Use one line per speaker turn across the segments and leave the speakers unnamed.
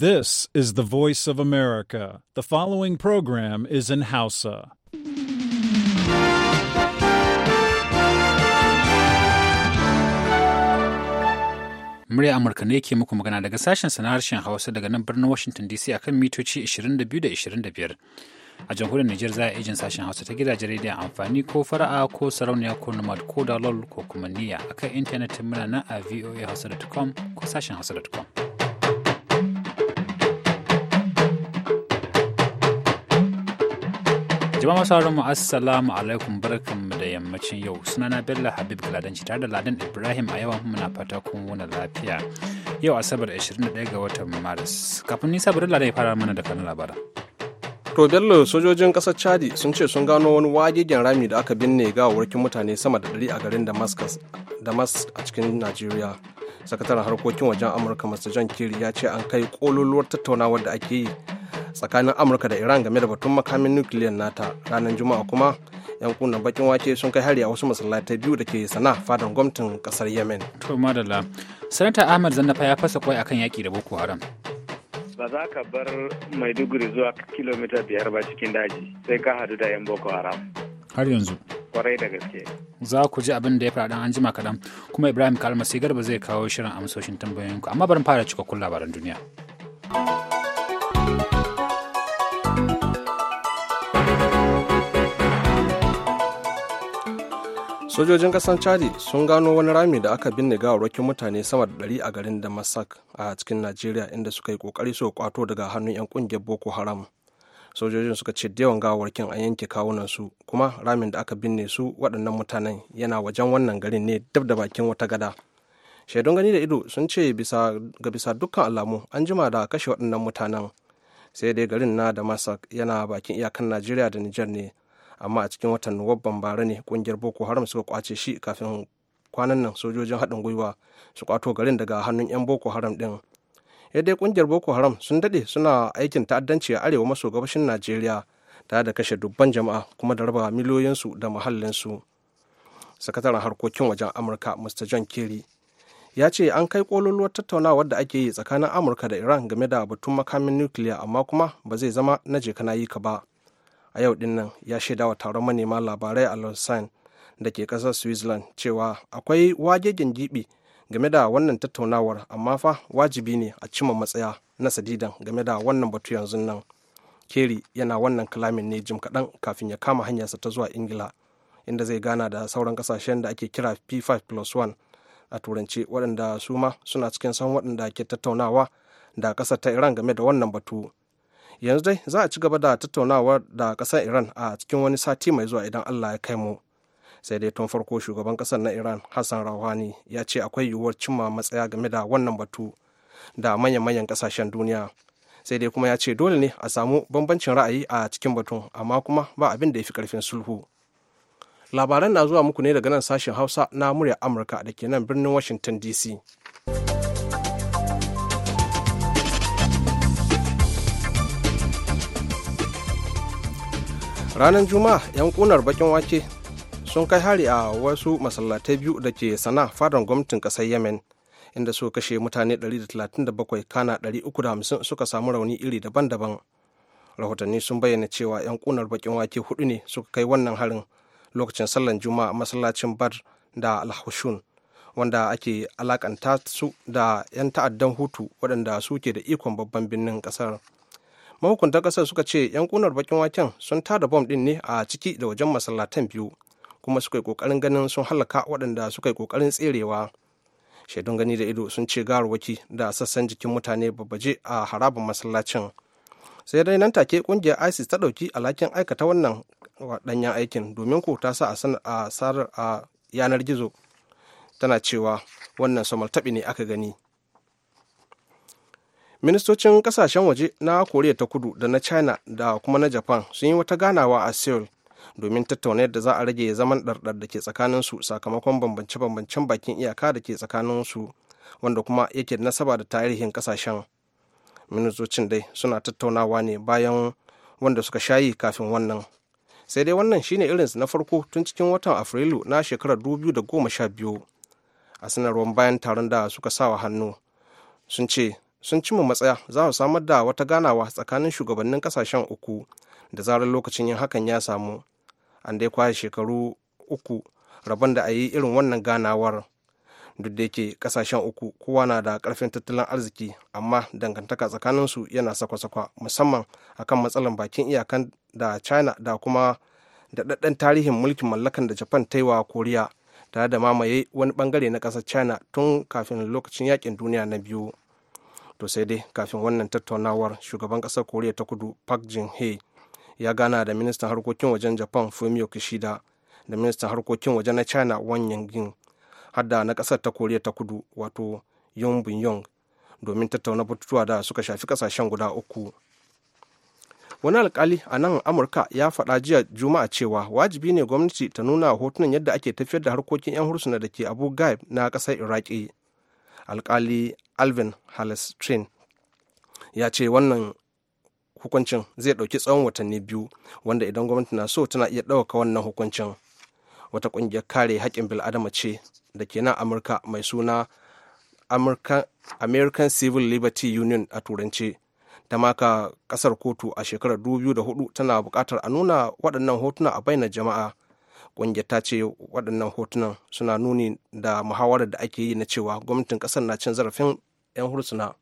This is the voice of America. The following program is in Hausa. Murya Amurka ne ke muku magana daga sashen sana harshen Hausa daga nan birnin Washington DC akan mitoci 22 da 25. A jamhuriyar Nijar za a ejin sashen Hausa ta gidajen rediyon amfani ko fara'a ko sarauniya ko nomad ko dalol ko kuma niyya akan intanetin muna na a voahausa.com ko sashen hausa.com. jama'a sauraron mu assalamu alaikum mu da yammacin yau sunana bello habib kaladanci tare da ladan ibrahim a yawan muna fata kun wuna lafiya yau asabar 21 ga watan maris kafin nisa bari ladan ya fara mana da kanin labaran
to bello sojojin kasar chadi sun ce sun gano wani wagegen rami da aka binne warkin mutane sama da 100 a garin damascus damas a cikin nigeria sakataren harkokin wajen amurka mr john ya ce an kai kololuwar tattaunawar da ake yi tsakanin amurka da iran game da batun makamin nukiliyar nata ranar juma'a kuma yan kunan bakin wake sun kai hari a wasu masallatai biyu da ke sana fadan gwamnatin kasar yemen to madalla sanata ahmad zannafa ya fasa kwai akan yaki da boko haram
ba za ka bar maiduguri zuwa kilomita biyar ba cikin daji sai ka hadu da yan boko haram har yanzu kwarai da gaske
za ku ji abin da ya faɗa an jima kaɗan kuma ibrahim kalmasi garba zai kawo shirin amsoshin tambayoyinku amma barin fara kun labaran duniya
sojojin kasar chadi sun gano wani rami da aka binne gawarwakin mutane sama da ɗari a garin damasak a cikin najeriya inda suka yi kokari su kwato daga hannun 'yan kungiyar boko haram sojojin suka ce da yawan gawarwakin an yanke kawunan su kuma ramin da aka binne su waɗannan mutanen yana wajen wannan garin ne dab da bakin wata gada shaidun gani da ido sun ce ga bisa dukkan alamu an jima da kashe waɗannan mutanen sai dai garin na damasak yana bakin iyakan najeriya da nijar ne amma a cikin watan nuwabban bara ne kungiyar boko haram suka kwace shi kafin kwanan nan sojojin haɗin gwiwa su kwato garin daga hannun 'yan boko haram ɗin yadda kungiyar boko haram sun daɗe suna aikin ta'addanci a arewa maso gabashin najeriya tare da kashe dubban jama'a kuma da raba miliyoyinsu da muhallinsu sakataren harkokin wajen amurka mr john kerry ya ce an kai kololuwar tattaunawar da ake yi tsakanin amurka da iran game da batun makamin nukiliya amma kuma ba zai zama na je kana yi ka ba a yau din ya shaida wa taron manema labarai a lausanne da ke kasar switzerland cewa akwai wagegen gibi game da wannan tattaunawar amma fa wajibi ne a cima matsaya na sadidan game da wannan batu yanzu nan keri yana wannan kalamin ne jim kaɗan kafin ya kama hanyarsa ta zuwa ingila inda zai gana da sauran kasashen da ake kira p5 plus 1 a turance waɗanda su ma suna cikin san waɗanda ke tattaunawa da ƙasar ta iran game da wannan batu yanzu dai za a ci gaba da tattaunawar da ƙasar iran a cikin wani sati mai zuwa idan allah ya kai mu sai dai tun farko shugaban ƙasar na iran hassan rawani ya ce akwai yiwuwar cimma matsaya game da wannan batu da manya manyan ƙasashen duniya sai dai kuma ya ce dole ne a samu bambancin ra'ayi a cikin batun amma kuma ba abin da ya fi karfin sulhu labaran na zuwa muku ne daga nan sashen hausa na murya amurka da ke nan birnin washington dc ranar juma'a yan kunar bakin wake sun kai hari a wasu masallatai biyu da ke sana fadar gwamnatin kasar yamen inda suka kashe mutane 137 kana 350 suka samu rauni iri daban-daban rahotanni sun bayyana cewa 'yan kunar bakin wake hudu ne suka kai wannan harin lokacin sallan juma'a masallacin bar da alhushun wanda ake alakanta su da 'yan ta'addan hutu waɗanda suke da ikon babban birnin ƙasar. kasar Mahukuntar kasar suka ce yan kunar bakin waken sun tada bom din ne a ciki da wajen masallatan biyu kuma suka yi kokarin ganin sun halaka waɗanda suka yi kokarin tserewa shaidun gani da ido sun ce garwaki da sassan jikin mutane babbaje a harabin masallacin sai dai nan take kungiyar isis ta ɗauki alhakin aikata wannan ɗanyen aikin domin ko ta sa a yanar gizo tana cewa wannan samaltaɓi ne aka gani ministocin kasashen waje na koriya ta kudu da na china da kuma na japan sun yi wata ganawa a seoul domin tattauna yadda za a rage zaman ɗarɗar da ke tsakaninsu sakamakon bambance-bambancen bakin iyaka da ke tsakaninsu wanda kuma yake da nasaba da tarihin kasashen ministocin dai suna tattaunawa ne bayan wanda suka shayi kafin wannan sai dai wannan shine irinsu na farko tun cikin watan afrilu na shekarar biyu a sanarwar bayan taron da suka sawa hannu sun ce sun cimma matsaya za su samar da wata ganawa tsakanin shugabannin kasashen uku da zarar lokacin yin hakan ya samu an dai shekaru uku rabon da a yi irin wannan ganawar duk da yake kasashen uku kowa na da karfin tattalin arziki amma dangantaka tsakanin su yana sakwasakwa sakwa musamman akan matsalan bakin iyakan da china da kuma daɗaɗɗen tarihin mulkin mallakan da japan ta yi wa koriya tare da mamaye wani bangare na ƙasar china tun kafin lokacin yakin duniya na biyu to sai dai kafin wannan tattaunawar shugaban ƙasar koriya ta kudu park jin he ya gana da ministan harkokin wajen japan fumio kishida da ministan harkokin wajen na china wang yangin har da na kasar ta koriya ta kudu wato yong bin yong domin tattauna batutuwa da suka shafi ƙasashen guda uku wani alkali a nan amurka ya faɗa jiya juma'a cewa wajibi ne gwamnati ta nuna hotunan yadda ake tafiyar da harkokin 'yan hursuna da ke abu gaib na ƙasar iraki alkali alvin halestrin ya ce wannan hukuncin zai dauki tsawon watanni biyu wanda idan gwamnati na so tana iya ɗauka wannan hukuncin wata ƙungiyar kare haƙƙin bil'adama ce da ke nan amurka mai suna american civil liberty union a turance ta maka ƙasar kotu a shekarar 2004 tana buƙatar a nuna waɗannan hotuna a bayyana jama'a ƙungiyar ta ce waɗannan hotunan suna nuni da muhawarar da ake yi na cewa gwamnatin ƙasar na cin zarafin 'yan hursuna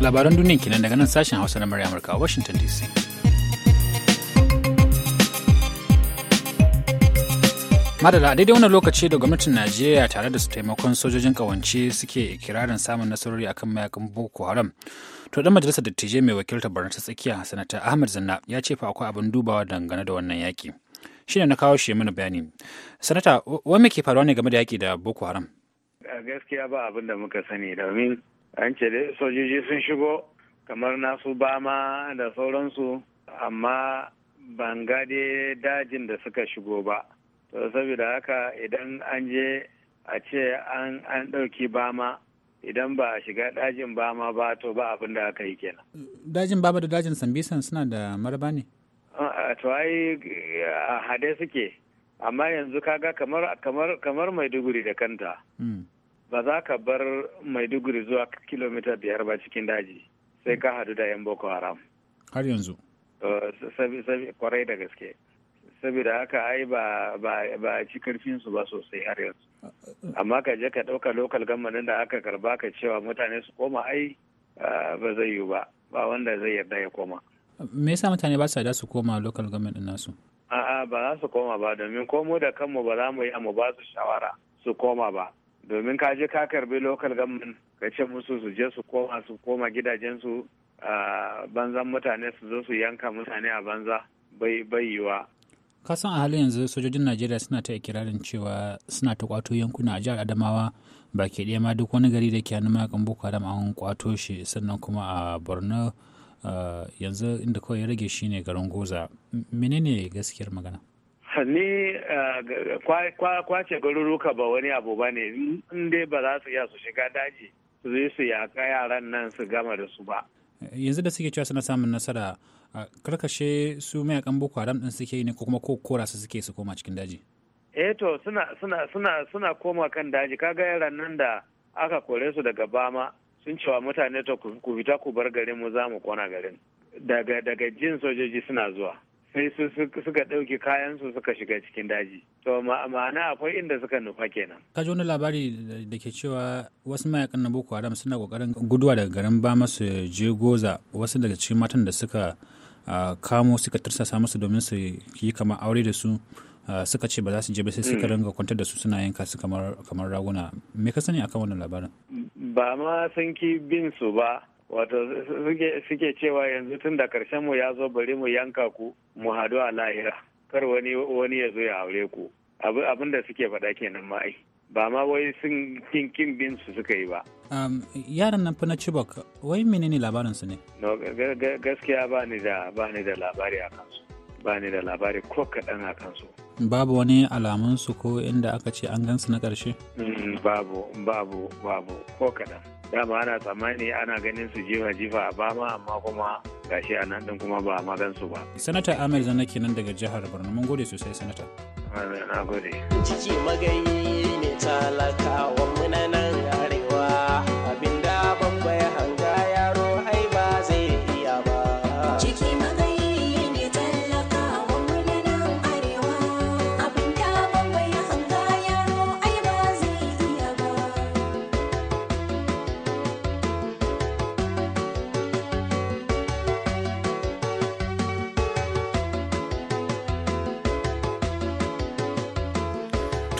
labaran duniya kenan daga nan sashen hausa na murya amurka washington dc madala a daidai wannan lokaci da gwamnatin najeriya tare da su taimakon sojojin kawance suke ikirarin samun nasarori akan mayakan boko haram to dan majalisar dattijai mai wakilta barna ta tsakiya sanata ahmed zanna ya ce fa akwai abin dubawa dangane da wannan yaki shine na kawo shi mana bayani sanata wani ke faruwa ne game da yaki da boko haram
a gaskiya ba abin da muka sani domin an ce dai sojoji sun shigo kamar nasu bama da sauransu amma ban gade dajin da suka shigo ba to saboda haka idan an je a ce an ɗauki bama idan ba a shiga dajin bama ba to ba abin da aka yi kenan
dajin bama da dajin sambisan suna da maraba ne
to ai a hade suke amma yanzu kaga kamar kamar kamar maiduguri da kanta hmm. ba za ka bar maiduguri zuwa kilomita biyar ba cikin daji sai ka hadu da yan boko haram har yanzu kwarai da gaske saboda haka ai ba ba ci karfin su ba sosai har yanzu amma ka je ka ɗauka lokal gamanin da aka karba ka cewa mutane su koma ai ba zai yiwu ba ba wanda zai yarda ya koma
me yasa mutane ba su da su koma lokal government nasu
a'a ba za su koma ba domin komo da kanmu ba za mu yi mu ba su shawara su koma ba domin ka je ka karbi local government ka ce musu su je su koma su koma gidajensu banzan mutane su zo su yanka mutane a banza bai yiwa
kasan a halin yanzu sojojin najeriya suna ta ikirarin cewa suna ta kwato yankuna a jihar adamawa ba ke ɗaya ma duk wani gari da ke hannun mayakan boko haram an kwato shi sannan kuma a borno eh, yanzu inda kawai ya rage shine garin goza menene gaskiyar magana
ni eh, kwace garuruka ba wani abu ba ne in dai ba za su iya su shiga daji su yi su yaƙa yaran nan su gama da su ba
yanzu da suke cewa suna samun nasara karkashe su mayakan boko haram din suke yi ne ko kuma ko kora su suke su koma cikin daji
eh to suna suna suna suna koma kan daji kaga yaran nan da aka kore su daga bama sun cewa mutane to ku fita ku bar garin mu za mu kona garin daga daga jin sojoji suna zuwa sai su suka ɗauki kayan su suka shiga cikin daji to ma'ana akwai inda suka nufa kenan
ka ji wani labari da ke cewa wasu mayakan na boko haram suna kokarin guduwa daga garin bama su je goza wasu daga cikin matan da suka a kamo suka tursasa musu domin su yi kamar aure da su suka ce ba za su je ba sai suka hmm. ringa kwantar da su suna yanka su kamar raguna me ka sani akan wannan labarin
ba ma sun ki bin su ba wato suke cewa yanzu tun da karshen mu ya zo bari mu yanka ku mu hadu a lahira kar wani ya zo ya aure ku abin da suke faɗa kenan ma'ai ba ma wai sun kinkin bin su suka yi ba.
yaran nan fa na Chibok wai menene labarin su ne?
gaskiya ba ni da ba ni da labari a kansu. Ba ni da labari ko kaɗan a kansu.
Babu wani alamun su ko inda aka ce an gansu na ƙarshe?
Mm, babu, babu, babu ko kaɗan. Dama ana tsammani ana ganin su jifa-jifa a bama amma kuma gashi a nan ɗin kuma ba a magansu ba.
Sanata Amir Zanaki nan daga jihar Borno mun gode sosai sanata.
Na gode.
Ciki magayi talakawa munanan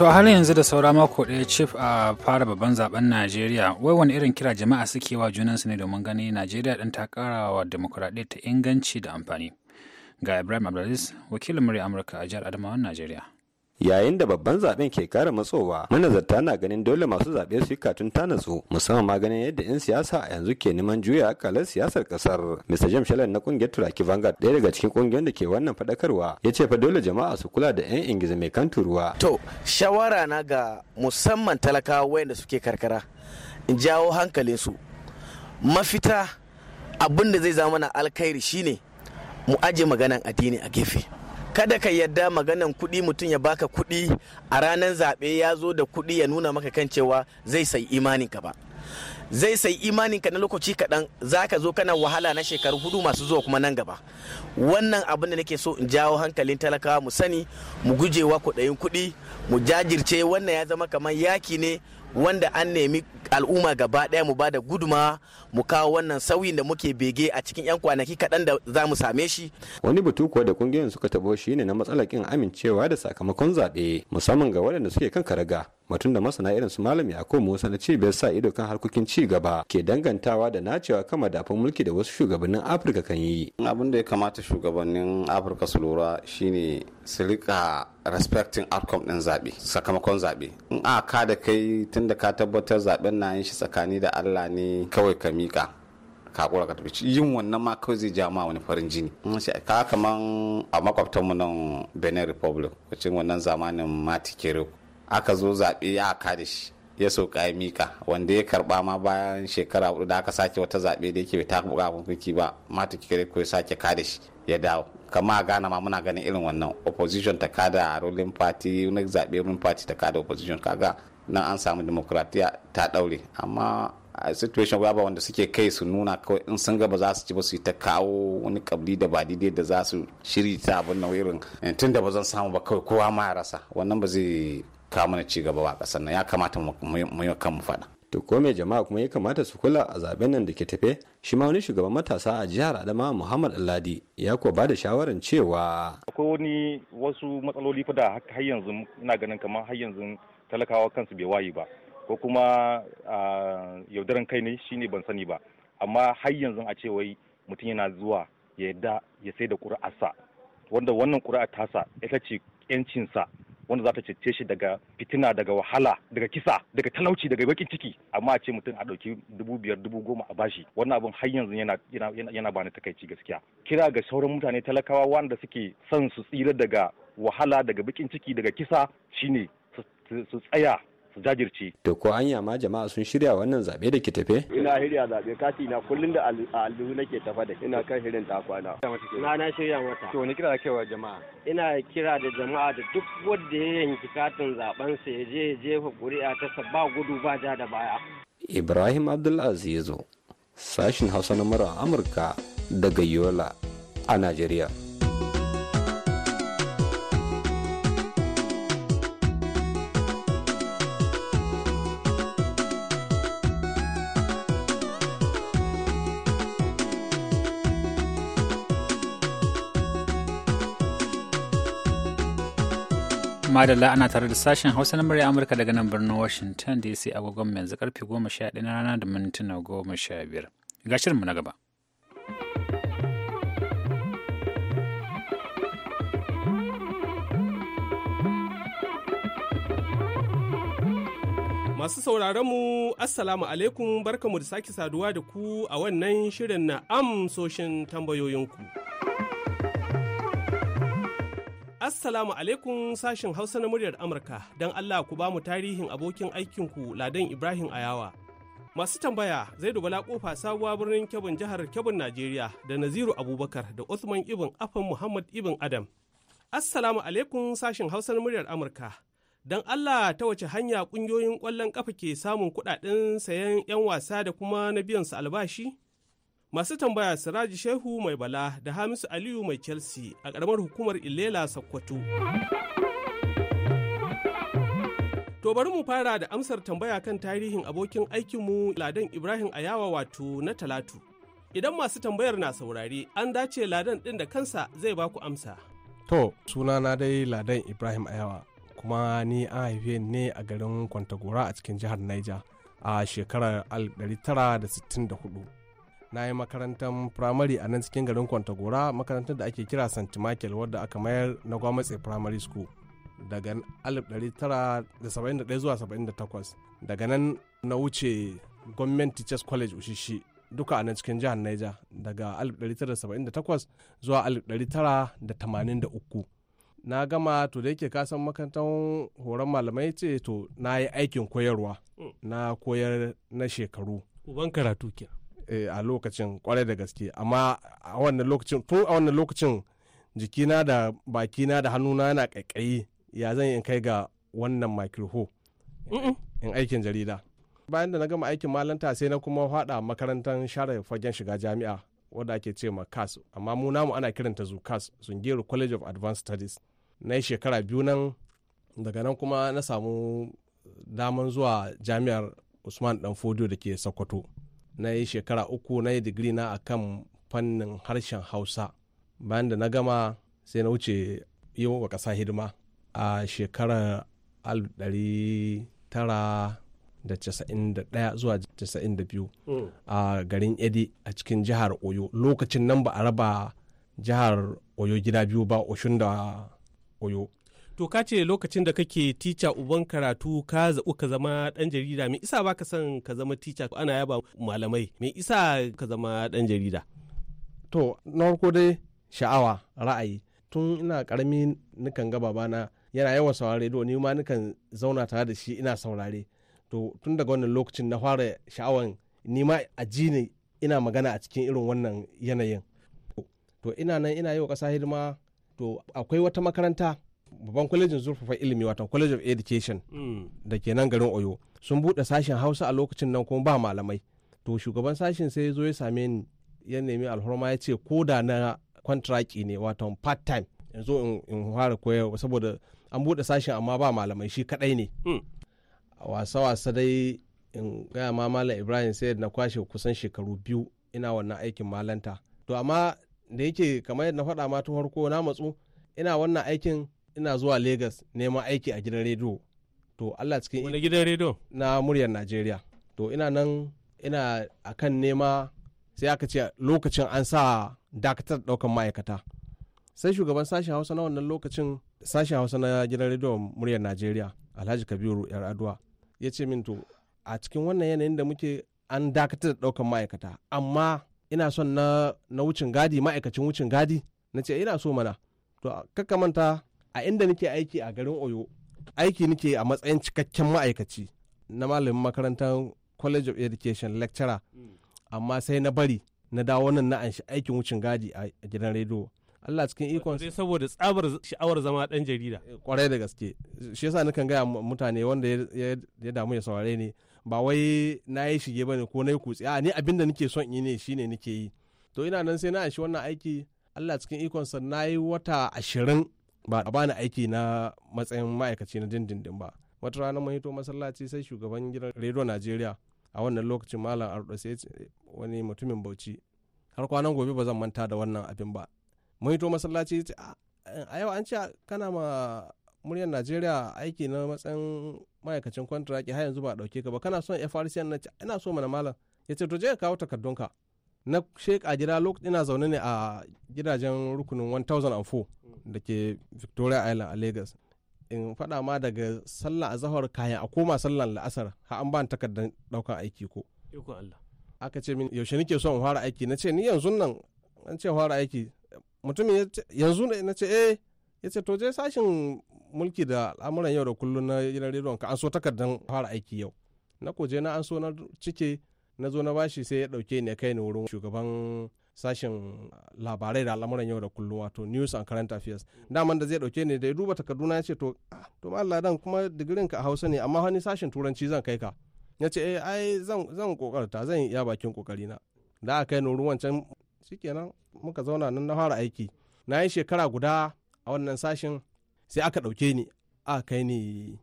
To a halin yanzu da saura mako ɗaya cif a fara babban zaben Najeriya, wai wani irin kira jama'a suke wa junansu ne domin gani Najeriya ɗin ta ƙara wa ta inganci da amfani. Ga Ibrahim Abdulaziz, wakilin murya Amurka a jihar Adamawan Najeriya.
yayin da babban zaben ke kara matsowa manazarta na ganin dole masu zaɓe su yi katun natsu. musamman ma ganin yadda 'yan siyasa a yanzu ke neman juya akalar siyasar kasar mr james shalan na kungiyar turaki vangard ɗaya daga cikin kungiyar da ke wannan fadakarwa ya ce fa dole jama'a su kula da 'yan ingiza mai kan turuwa to shawara na ga musamman talakawa wayanda suke karkara in jawo su
mafita abin da zai zama na alkhairi shine mu aje maganan addini a gefe kada ka yadda maganan kuɗi mutum ya baka kuɗi a ranar zaɓe ya zo da kuɗi ya nuna maka kan cewa zai sai imaninka ba zai sai imaninka na lokaci kaɗan za ka zo kana wahala na shekaru hudu masu zuwa kuma nan gaba wannan abin da nake so in jawo hankalin talakawa mu sani mu gujewa kuɗayin kuɗi mu jajirce wannan ya zama kamar yaki ne wanda an nemi al'umma gaba daya mu bada guduma mu kawo wannan
sauyin da muke bege a cikin 'yan kwanaki kaɗan da za mu same shi. Wani batu kuwa da kungiyoyin suka tabo shi ne na matsalar kin amincewa da sakamakon zaɓe musamman ga waɗanda suke kan karaga. mutum da masana irin su malam ko Musa na bai sa ido kan harkokin ci gaba ke dangantawa da nacewa kan madafun mulki da wasu shugabannin Afirka kan yi. Abin da ya kamata shugabannin Afirka su lura shine su rika respecting outcome din zaɓe sakamakon zaɓe in a ka da kai tunda ka tabbatar zaɓen na yin shi tsakani da allah ne kawai ka mika ka kura ka tafi yin wannan ma kawai zai ja ma wani farin jini ka kaman a mu nan benin republic cikin wannan zamanin mati kero aka zo zabe ya ka da shi ya sauka ya mika wanda ya karba ma bayan shekara hudu da aka sake wata zaɓe da yake ta buƙatar hukunci ba mata kero ko ya sake da shi ya dawo kama a ma muna ganin irin wannan opposition ta kada ruling party na zaɓe ruling party ta kada opposition kaga nan an samu demokratiya ta ɗaure amma a situation ba wanda suke kai su nuna kawai in sun gaba za su ci ba su yi ta kawo wani kabli da ba daidai da za su shiri ta abin nan irin eh, tun da ba zan samu ba kawai kowa ma ya rasa wannan ba zai kawo mana ci gaba ba kasan nan ya kamata mu yi kan mu faɗa to ko mai jama'a kuma ya kamata su kula a zaben nan da ke tafe shi ma wani shugaban matasa a jihar adama muhammad al'adi ya kuwa ba da shawaran cewa akwai wani wasu matsaloli fa da har yanzu ina ganin kamar har yanzu talakawa kansu bai waye ba ko kuma yaudaran kai ne shine ban sani ba amma har yanzu a ce wai mutum yana zuwa ya yadda ya sai da ƙuri'arsa wanda wannan ƙuri'ar tasa ita ce 'yancinsa wanda za ta cece shi daga fitina daga wahala daga kisa daga talauci daga bakin ciki amma a ce mutum a ɗauki dubu biyar dubu goma a bashi wannan abin har yanzu yana yana bani takaici gaskiya
kira ga sauran mutane
talakawa wanda suke son su tsira daga wahala daga bakin ciki daga kisa shine su tsaya jajirci. To ko anya ma jama'a sun shirya wannan zaɓe da ke tafe? Ina shirya zaɓe kati na kullum da na nake tafa da ina kan shirin kwana. Na na shirya wata. To ni kira da kewa jama'a? Ina kira da jama'a da duk wanda ya yanki katin zaɓen
sa ya je ya jefa ƙuri'a ta sa ba gudu ba ja da baya.
Ibrahim Abdulaziz sashin Hausa na Amurka daga Yola a Najeriya.
madalla ana tare da sashen hausa na murya amurka daga nan birnin washington dc agogon yanzu karfe 11 na rana da mintuna 15 ga na gaba
Masu sauraron mu Assalamu alaikum barkamu da sake saduwa da ku a wannan shirin na amsoshin tambayoyinku. Assalamu alaikum sashin Hausa na muryar Amurka, don Allah ku bamu tarihin abokin aikinku Ladan Ibrahim Ayawa. Masu tambaya zai dubala kofa sabuwa birnin Kebun jihar Kebun Najeriya da Naziru Abubakar da Usman Ibn Afan Muhammad Ibn Adam. Assalamu alaikum sashin Hausa na muryar Amurka. Don Allah ta wace hanya ƙungiyoyin ƙwallon ƙafa ke samun kuɗaɗen sayan 'yan wasa da kuma na biyan su albashi? Masu tambaya Siraji Shehu mai bala da Hamisu Aliyu mai Chelsea a karamar hukumar Ilela Sokoto. To bari mu fara da amsar tambaya kan tarihin abokin aikinmu Ladan Ibrahim Ayawa wato na Talatu. Idan masu tambayar na saurari an dace Ladan ɗin da kansa zai baku amsa.
To, sunana dai Ladan Ibrahim Ayawa, kuma ni an haife ne a garin Kwantagora a cikin jihar Niger a shekarar 1964. na yi makarantar primary a nan cikin garin kwantagora makarantar da ake kira st michael wadda aka mayar na gwamnati primary school daga 1971 zuwa 78 daga nan na wuce government teachers college ushishi duka a nan cikin jihar naija daga 1978 zuwa 1983 na gama to da yake kasan makarantar horon malamai ce to na yi aikin koyarwa mm. na koyar na shekaru uban karatu kenan Eh, a lokacin kwarai da gaske amma a wannan lokacin tun a wannan lokacin jikina da bakina da hannuna yana kaikayi ya zan in kai ga wannan makirho in aikin jarida bayan da na gama aikin malanta sai na kuma fada makarantar share fagen shiga jami'a wadda ake ce ma kas amma mu namu ana kiranta zu kas sungero college of advanced studies na yi shekara biyu nan daga nan kuma na samu daman zuwa jami'ar usman dan fodio da ke sokoto na yi shekara uku na yi digiri na kan fannin harshen hausa bayan da na gama sai na wuce yi wa ƙasa hidima a shekarar 1991 zuwa 92 hmm. a garin edi a cikin jihar oyo lokacin nan ba a raba jihar oyo gida biyu ba oshun da oyo To ka ce lokacin da kake tica uban
karatu ka zaɓu ka zama ɗan jarida me isa baka son ka zama tica ana yaba malamai me isa ka zama ɗan jarida?
To na farko dai sha'awa ra'ayi tun ina ƙarami nukan ga babana yana yawan saurare do ni ma nukan zauna tare da shi ina saurare to tun daga wannan lokacin na fara sha'awan ni ma a ne ina magana a cikin irin wannan yanayin to ina nan ina yi wa ƙasa hidima to akwai wata makaranta babban kwalejin zurfafa ilimi wato college of education hmm. da ke nan garin oyo sun buɗe sashen hausa a lokacin nan kuma ba malamai to shugaban sashen sai ya zo ya same ni ya nemi alhorma ya ce ko da na kwantraki ne wato part time yanzu in fara koyarwa saboda an buɗe sashen amma ba malamai shi kaɗai ne wasa-wasa hmm. dai in gaya ma malam ibrahim sai na kwashe kusan shekaru biyu ina wannan aikin malanta to amma da yake kamar yadda na faɗa ma ta farko na matsu ina wannan aikin ina zuwa lagos neman aiki a gidan rediyo. To Allah cikin wani gidan rediyo na muryar Najeriya. To ina nan ina akan nema sai aka ce lokacin an sa dakatar daukan ma'aikata. Sai shugaban sashen Hausa na wannan lokacin sashen Hausa na gidan rediyo muryar Najeriya Alhaji Kabiru yar aduwa ya ce min to a cikin wannan yanayin da muke an dakatar da daukan ma'aikata amma ina son na, na wucin gadi ma'aikacin wucin gadi na ce ina so mana to kakka manta a inda nake aiki a garin oyo aiki nake a matsayin cikakken ma'aikaci na malamin makarantar college of education lecturer amma sai na bari na dawo nan na anshi aikin wucin gadi a gidan rediyo Allah cikin ikon
sai saboda tsabar sha'awar zama dan jarida kwarai eh, da gaske shi
yasa nakan gaya mutane wanda ya damu ya saurare ne ba wai na yi shige bane ko na yi kutse a ni abinda da nake son yi ne shine nake yi to ina nan sai na anshi wannan aiki Allah cikin ikon sa na yi wata ashirin ba a bani aiki na matsayin ma'aikaci na dindindin ba wata rana mun hito masallaci sai shugaban gidan rediyo najeriya a wannan lokacin malam ardo sai wani mutumin bauchi har kwanan gobe ba zan manta da wannan abin ba mun hito masallaci ah, a yau an ce kana ma muryar najeriya aiki na matsayin ma'aikacin kwantiraki har yanzu ba dauke ka ba kana son frc na ina so mana malam ya ce to je ka kawo takardunka na sheik ajira lokacin ina zaune ne a gidajen rukunin 1004 da ke victoria island a lagos in faɗa ma daga sallah a zahar kayan a koma sallah la'asar har an ban takardar daukan aiki ko aka ce min yaushe nake son fara aiki na ce ni yanzu nan an ce fara aiki mutumin yanzu na ce eh ya ce to je sashin mulki da al'amuran yau da kullum na gidan rediyon ka an so takardar fara aiki yau na koje na an so na cike na zo na bashi sai ya dauke ni ya kai ni wurin shugaban sashen labarai da al'amuran yau da kullum wato news and current affairs daman da zai dauke ne da ya duba takarduna ya ce to to Allah dan kuma digirin ka a Hausa ne amma wani sashen turanci zan kai ka ya ce eh ai zan zan kokarta zan iya bakin kokari na da aka kai ni wurin wancan shikenan muka zauna nan na fara aiki na yi shekara guda a wannan sashen sai aka dauke ni a kai ni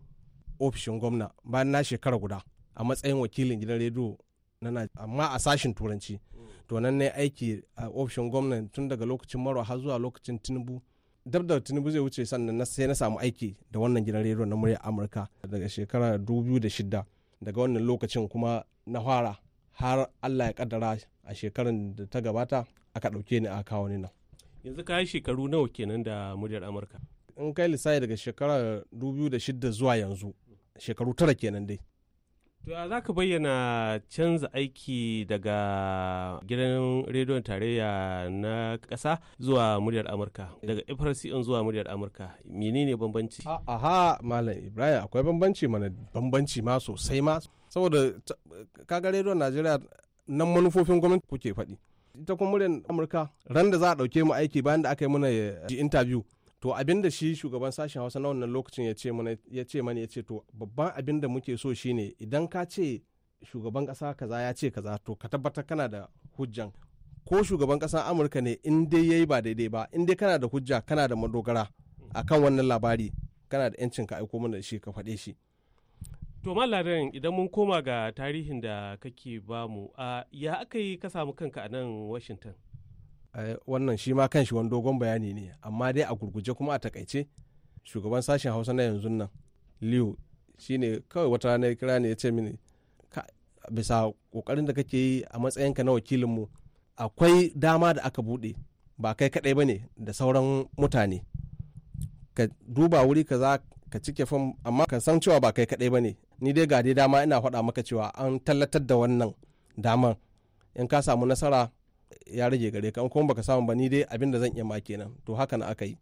ofishin gwamna bayan na shekara guda a matsayin wakilin gidan rediyo amma a sashin turanci to nan ne aiki a ofishin gwamnati tun daga lokacin maro har zuwa lokacin tinubu dab da tinubu zai wuce sannan sai na samu aiki da wannan gidan rediyo na murya amurka daga shekara 2006 daga wannan lokacin kuma na fara har allah ya kaddara a shekarar da ta gabata aka ɗauke ni a kawo ni nan
yanzu ka yi shekaru nawa
kenan da muryar amurka in kai lissafi daga da 2006 zuwa yanzu shekaru tara kenan dai
To za ka bayyana canza aiki daga gidan rediyon tarayya na ƙasa zuwa muryar Amurka daga in zuwa muryar Amurka menene bambanci?
Aha Malam Ibrahim akwai bambanci mana bambanci ma sosai ma saboda kaga rediyon Najeriya nan manufofin gwamnati kuke faɗi. Ita kuma muryar Amurka ran da za a ɗauke mu aiki bayan da aka yi mana eh, interview to abin da shi shugaban sashen hausa na wannan lokacin ya ce mana ya ce to babban abin da muke so shine idan ka ce shugaban kasa kaza ya ce kaza to ka tabbatar kana da hujjan ko shugaban kasar amurka ne in dai ya yi ba daidai ba in dai kana da hujja kana da madogara a kan wannan labari kana da yancin ka aiko mana shi ka faɗe shi
to mallaran idan mun koma ga tarihin da kake bamu ya aka yi ka samu kanka a nan washington
Eh, wannan shi ma kan shi wani dogon bayani ne amma dai a gurguje kuma a takaice shugaban sashen hausa na yanzu nan liu ne kawai wata rana kira ne ya ce mini bisa kokarin da kake yi a matsayinka na wakilinmu akwai dama da aka buɗe ba kai kaɗai ba ne da sauran mutane ka duba wuri za ka cike fom amma ka san cewa ba kai kaɗai ba ne ni dai ga dai dama ina faɗa maka cewa an tallatar da wannan damar in ka samu nasara ya rage gare ka kuma baka samu ba ni dai abin da zan iya ma kenan to haka na aka yi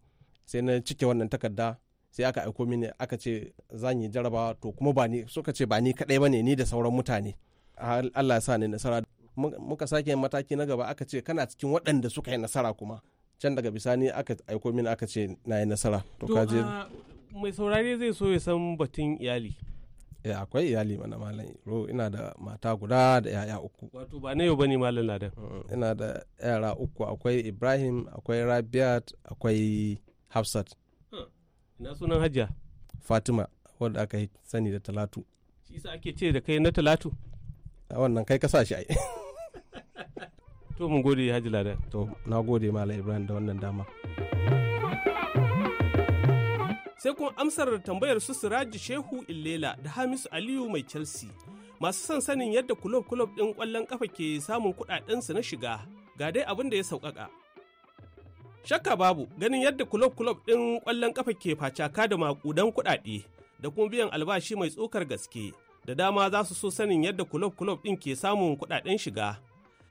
sai na cike wannan takarda sai aka aiko mini aka ce zan yi jaraba to kuma ba ni suka ce ba ni kadai bane ni da sauran mutane Allah ya sa ni nasara muka sake mataki na gaba aka ce kana cikin waɗanda suka yi nasara kuma can daga bisani aka aiko mini aka ce na yi nasara to kaje
ah, mai saurari zai
so ya san batun iyali Eh, akwai iyali mana malam ro ina da mata guda da yaya uku wato ba ne yau bane malam ladan mm, ina da yara uku akwai ibrahim akwai rabiat akwai hafsat
ina sunan hajja
fatima wanda aka sani da talatu
shi sa ake ce da kai
na talatu a wannan kai ka sa shi ai to mun gode hajji ladan to na gode malam ibrahim da wannan dama
sai kuma amsar tambayar su Siraji Shehu Illela da Hamisu Aliyu mai Chelsea. Masu son sanin yadda kulob-kulob ɗin ƙwallon ƙafa ke samun kuɗaɗensu na shiga, ga dai abin da ya sauƙaƙa. Shakka babu ganin yadda kulob-kulob ɗin ƙwallon ƙafa ke facaka da maƙudan kuɗaɗe da kuma biyan albashi mai tsokar gaske, da dama za su so sanin yadda kulob-kulob ɗin ke samun kuɗaɗen shiga.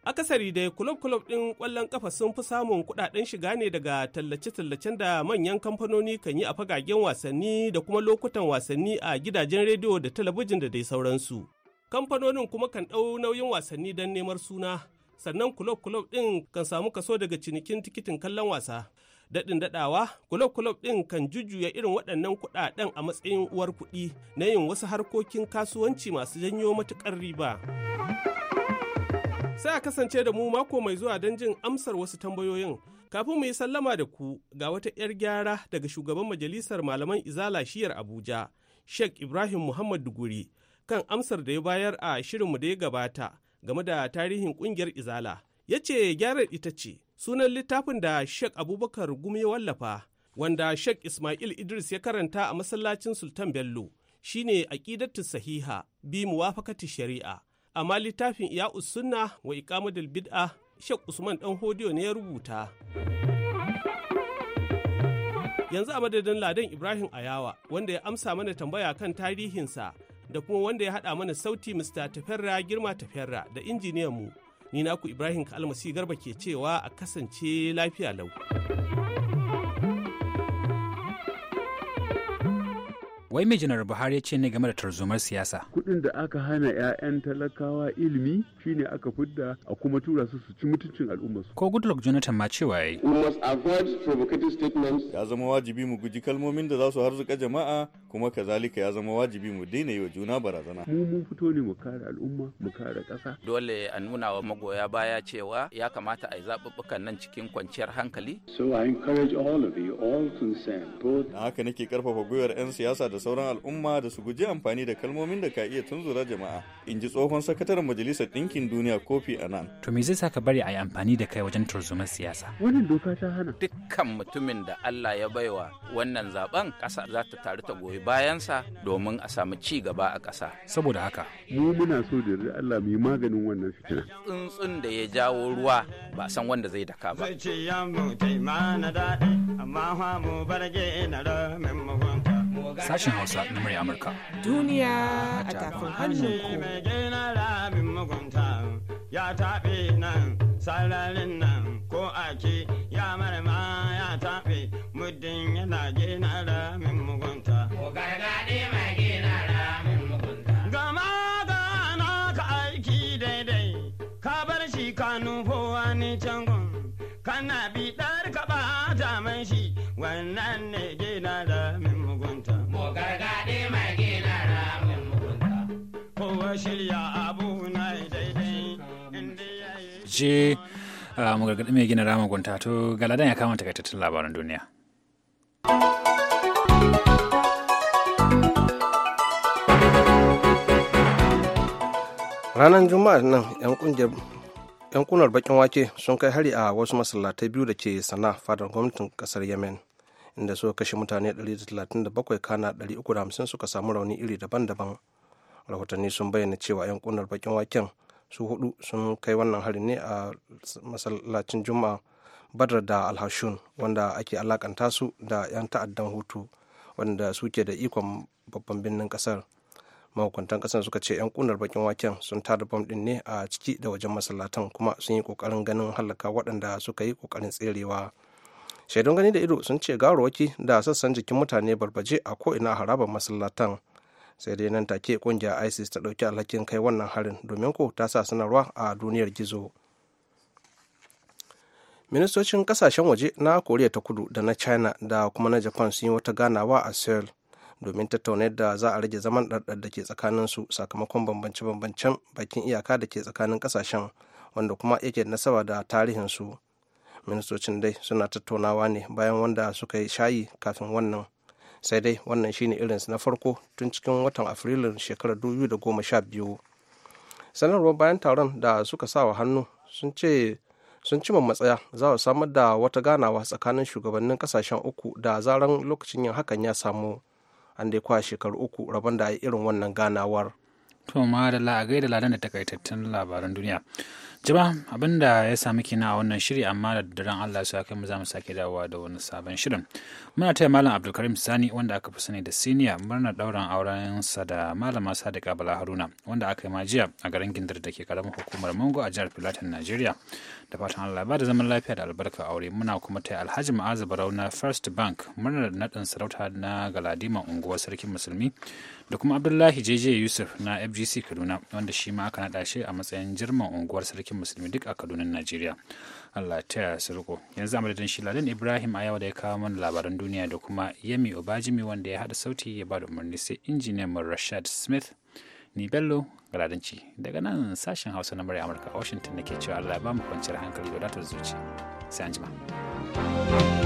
Akasari dai kulob-kulob ɗin ƙwallon ƙafa sun fi samun kuɗaɗen shiga ne daga tallace-tallacen da manyan kamfanoni kan yi a fagagen wasanni da kuma lokutan wasanni a gidajen rediyo da talabijin da dai sauransu. Kamfanonin kuma kan ɗau nauyin wasanni don neman suna, sannan kulob-kulob ɗin kan samu kaso daga cinikin tikitin kallon wasa. Daɗin daɗawa, kulob-kulob ɗin kan jujjuya irin waɗannan kuɗaɗen a matsayin uwar kuɗi na yin wasu harkokin kasuwanci masu janyo matuƙar riba. Sai a kasance da mu mako mai zuwa don jin amsar wasu tambayoyin. Kafin mu yi sallama da ku ga wata 'yar gyara daga shugaban majalisar malaman Izala shiyar Abuja, Sheikh Ibrahim Muhammad Duguri, kan amsar da ya bayar a shirinmu da ya gabata game da tarihin kungiyar Izala. Ya ce gyarar ita ce, sunan littafin da Sheikh Abubakar Gumi ya wallafa, wanda Sheikh Ismail Idris ya karanta a masallacin Sultan Bello, shine aƙidatu sahiha bi muwafaqati shari'a. amma littafin iya Usunna wa da bid'a shek Usman Dan Hodiyo ne ya rubuta. Yanzu a madadin Ladan Ibrahim Ayawa wanda ya amsa mana tambaya kan tarihinsa da kuma wanda ya haɗa mana sauti Mr. Tafera Girma Tafera da injiniyanmu. Ni naku Ibrahim Kalmasi Garba ke cewa a kasance lafiya lau.
wai mai janar buhari ya ce ne game da tarzomar siyasa kudin da aka hana 'ya'yan talakawa ilimi shine aka fidda a kuma tura su su ci mutuncin al'umma ko goodluck jonathan ma cewa
statements. ya zama wajibi mu guji kalmomin da za su harzuka jama'a kuma kazalika ya zama wajibi mu daina yi wa juna barazana mu mun fito ne mu kare al'umma mu kare ƙasa dole a nuna wa
magoya baya cewa ya kamata a yi zaɓuɓɓukan nan cikin kwanciyar hankali
so i encourage all of you all concerned both na haka nake karfafa gwiwar 'yan siyasa da sauran al'umma da su guji amfani da kalmomin da ka iya tunzura jama'a in ji tsohon sakataren majalisar ɗinkin duniya kofi nan.
to me zai saka bari a yi amfani da kai wajen turzumar siyasa
wannan doka ta hana dukkan mutumin
da Allah ya baiwa wannan zaben ƙasa za ta taru ta goyi bayansa domin a samu
ci gaba a ƙasa. Saboda haka.
Mu muna so da Allah mu maganin wannan fitina.
Tsuntsun da ya jawo ruwa ba san wanda zai daka ba. Zai ce taimana daɗi amma mu barge na ramin mugunta. sashen hausa na murya amurka
duniya a tafin hannunku ya taɓe nan
sararin nan ko ake ya marama ya taɓe muddin yana gina ramin wannan ne gina da min mugunta. Mo gargaɗi mai gina da
min mugunta. Kowa shirya abu
na daidai inda ya yi. Je, ah, mu gargaɗi mai gina da mugunta to galadan ya kama takaitattun labaran duniya.
Ranar Juma'a nan 'yan kungiyar 'yan kunar bakin wake sun kai hari a wasu masallatai biyu da ke sana fadar gwamnatin kasar yemen inda suka kashe mutane 137 kana 350 suka samu rauni iri daban-daban rahotanni sun bayyana cewa 'yan kunar bakin waken su hudu sun kai wannan hari ne a masallacin juma'a badar da alhashun wanda ake alakanta su da 'yan ta'addan hutu wanda suke da ikon babban birnin kasar mahukuntan kasan suka ce 'yan kunar bakin waken sun tada bom din ne a ciki da wajen masallatan kuma sun yi kokarin ganin halaka waɗanda suka yi kokarin tserewa shaidun gani da ido sun ce gawarwaki da sassan jikin mutane barbaje a ko'ina harabar masallatan sai dai nan take kungiyar isis ta ɗauki alhakin kai wannan harin domin ko ta sa sanarwa a duniyar gizo ministocin kasashen waje na koriya ta kudu da na china da kuma na japan sun yi wata ganawa a seoul domin tattaunar da za a rage zaman ɗarɗar da ke tsakaninsu sakamakon bambance-bambancen bakin iyaka da ke tsakanin ƙasashen wanda kuma yake da nasaba da tarihinsu ministocin dai suna tattaunawa ne bayan wanda suka yi shayi kafin wannan sai dai wannan shine irinsu na farko tun cikin watan afrilun shekarar 2012 sanarwar bayan taron da suka sa wa hannu sun ce sun cima matsaya za a samar da wata ganawa tsakanin shugabannin kasashen uku da zaran lokacin yin hakan ya samu an dai kwa shekaru uku rabon da a irin wannan ganawar.
To ma da la'agai da ladan da takaitattun labaran duniya. jiba abin da ya sami kina a wannan shiri amma da daren allah su kai mu za mu sake dawowa da wani sabon shirin muna taya malam abdulkarim sani wanda aka fi sani da siniya murnar auren aurensa da malama sadiqa bala haruna wanda aka yi majiya a garin gindir da ke karamin hukumar mango a jihar filatin nigeria da fatan allah ba da zaman lafiya da albarka aure muna kuma taya alhaji ma'azu barau na first bank murnar naɗin sarauta na galadima unguwar sarkin musulmi da kuma abdullahi jeje yusuf na fgc kaduna wanda shi ma aka naɗa shi a matsayin jirman unguwar sarkin sarkin musulmi duk a kadunan najeriya allah ta ya su yanzu a madadin shi ladan ibrahim a yau da ya kawo mana labaran duniya da kuma yemi obajimi wanda ya haɗa sauti ya ba da umarni sai injiniyan mu rashad smith ni bello ga ladanci daga nan sashen hausa na murya amurka a washington ke cewa allah ya ba mu kwanciyar hankali da wadatar zuci sai anjima thank you